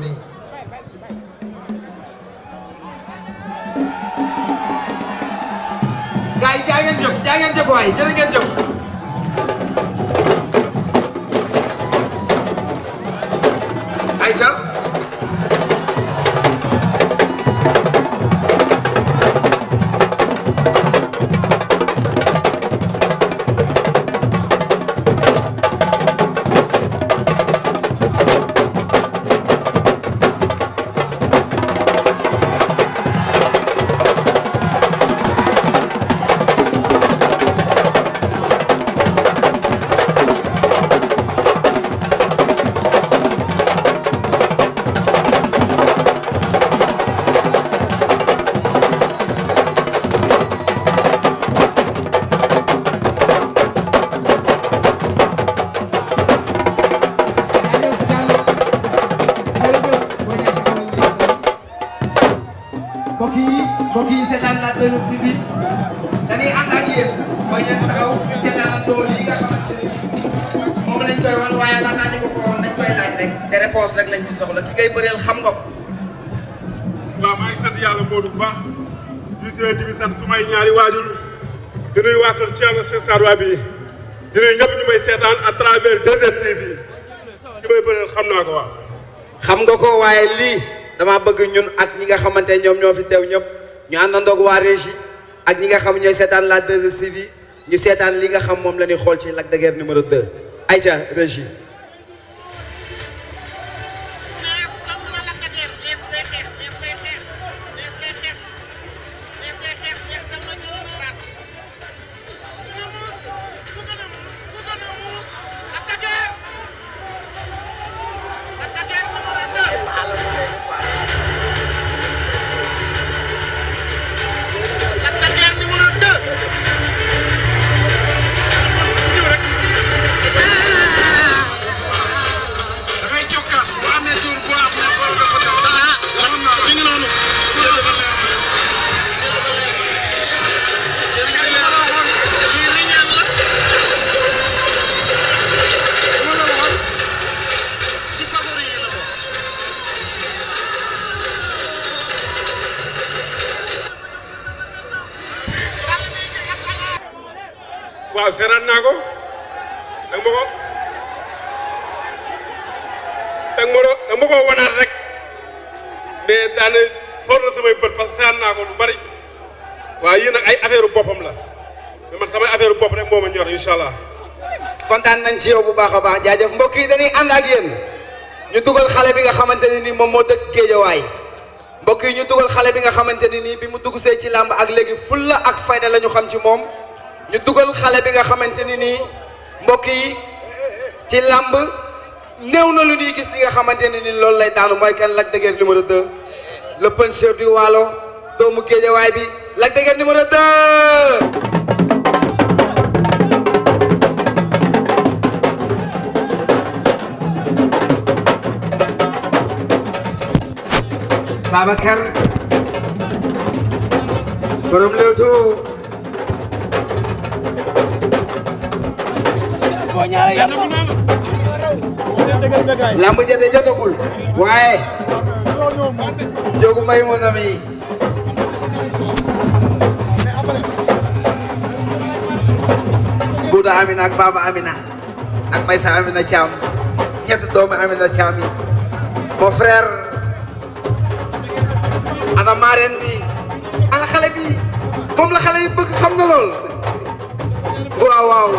taxaw nii gars yi jaa ngeen jëf jaa ngeen jëf waay jërë ngeen jëf seetaan la 2STV dañuy ànd ak yéen mooy yéen taxaw seetaan tool yi nga xamante waaye laataa ñu ko xam nga ko. waaw maa ngi sant yàlla Modou bu baax ñu may seetaan à travers 2STV ki may bëreel xam naa ko waaw. xam nga ko waaye lii damaa bëgg ñun ak ñi nga xamante ñoom ñoo fi teew ñëpp. ñu àndandoog waa régie ak ñi nga xam ñooy seetaan la 2STV ñi seetaan li nga xam moom la ñuy xool ci Lac de Guiers numéro ay ayca régi waaw seeraat naa ko danga ma ko danga ma wanaat rek mais daane for na samay bët parce que seeraat naa lu bari waaw yii nag ay affaire boppam la mais man samay affaire bopp rek moo ma ñor incha allah. kontaan nañ ci yow bu baax a baax jaajëf mbokk yi dañuy ànd ak yéen ñu dugal xale bi nga xamante ne nii moom moo dëkk géejawaay mbokk yi ñu dugal xale bi nga xamante ne nii bi mu dugg see ci làmb ak léegi fulla ak fayda la ñu xam ci moom. ñu dugal xale bi nga xamante ni nii mbokk yi ci làmb néew na lu ñuy gis li nga xamante ne ni loolu lay daanu mooy kan Lac de Guiers numéro 2 le puncheur du Waalo doomu géejawaay bi Lac de Guiers numéro 2. Babacar borom Leewtoo boo ñaaree yàlla lamb jëte jotagul waaye jogu may mo nami Buda Amina ak Baba Amina ak Maysa Amina Thiam ñett doomu Amina Thiam yi mon ana marraine ana xale bi moom la xale yi bëgg xam nga lool waaw waaw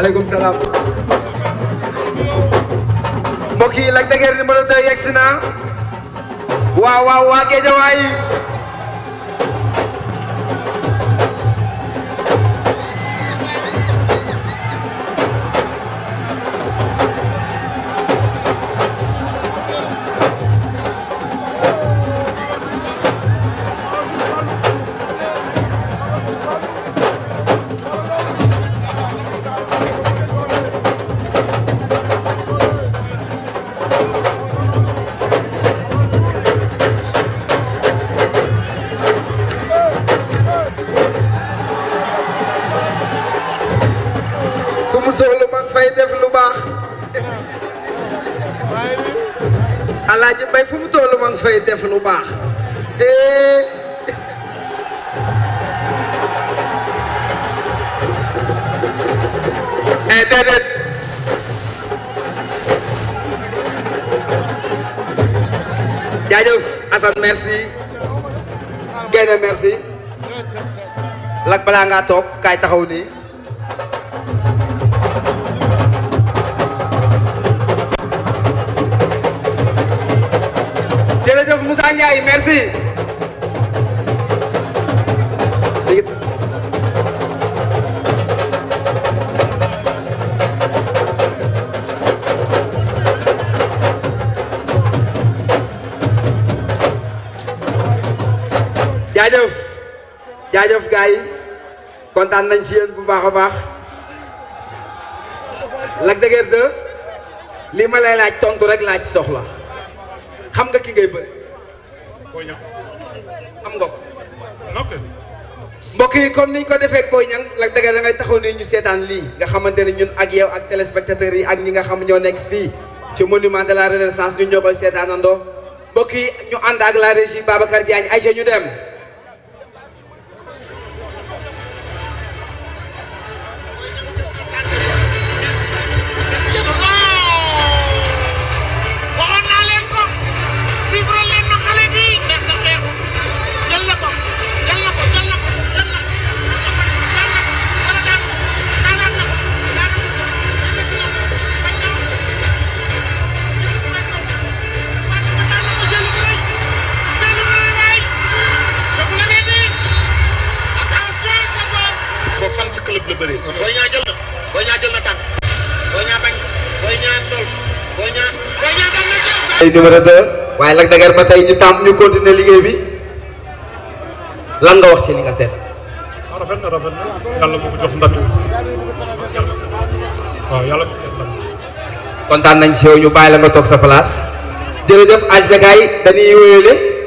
maaleykum salaam. mbokk yi Lac de Guiers numéro 2 yegg si na waaw waaw waa Géejawaay fu soxla mag fay def lu baax alaaji mbay fu mu toll mag fay def lu baax eh, eh déedéet jaajëf Assane merci Gaynde merci lak balaa ngaa toog kaay taxaw nii Moussa Ndiaye merci. kontaan nañ ci yéen bu baax a baax Lac de Guiers ma lay laaj tontu rek laaj soxla xam nga ki ngay bëri Boy Niang am nga ko. mbokk yi comme niñ ko defee ak Boy la Lac de Guiers da ngay ñu seetaan lii nga xamante ne ñun ak yow ak téléspectateurs yi ak ñi nga xam ñoo nekk fii ci monument de la renaissance ñun ñoo koy seetaanandoo mbokk yi ñu ànd ak la régie Babacar Diagne ayca ñu dem. ay waaye Lac de ba tey ñu tàmm ñu continuer liggéey bi lan nga wax ci li nga seet. Ah, rafet na rafet kontaan nañ ci yow ñu bàyyi la nga toog sa place jërëjëf HBK dañuy wéyale.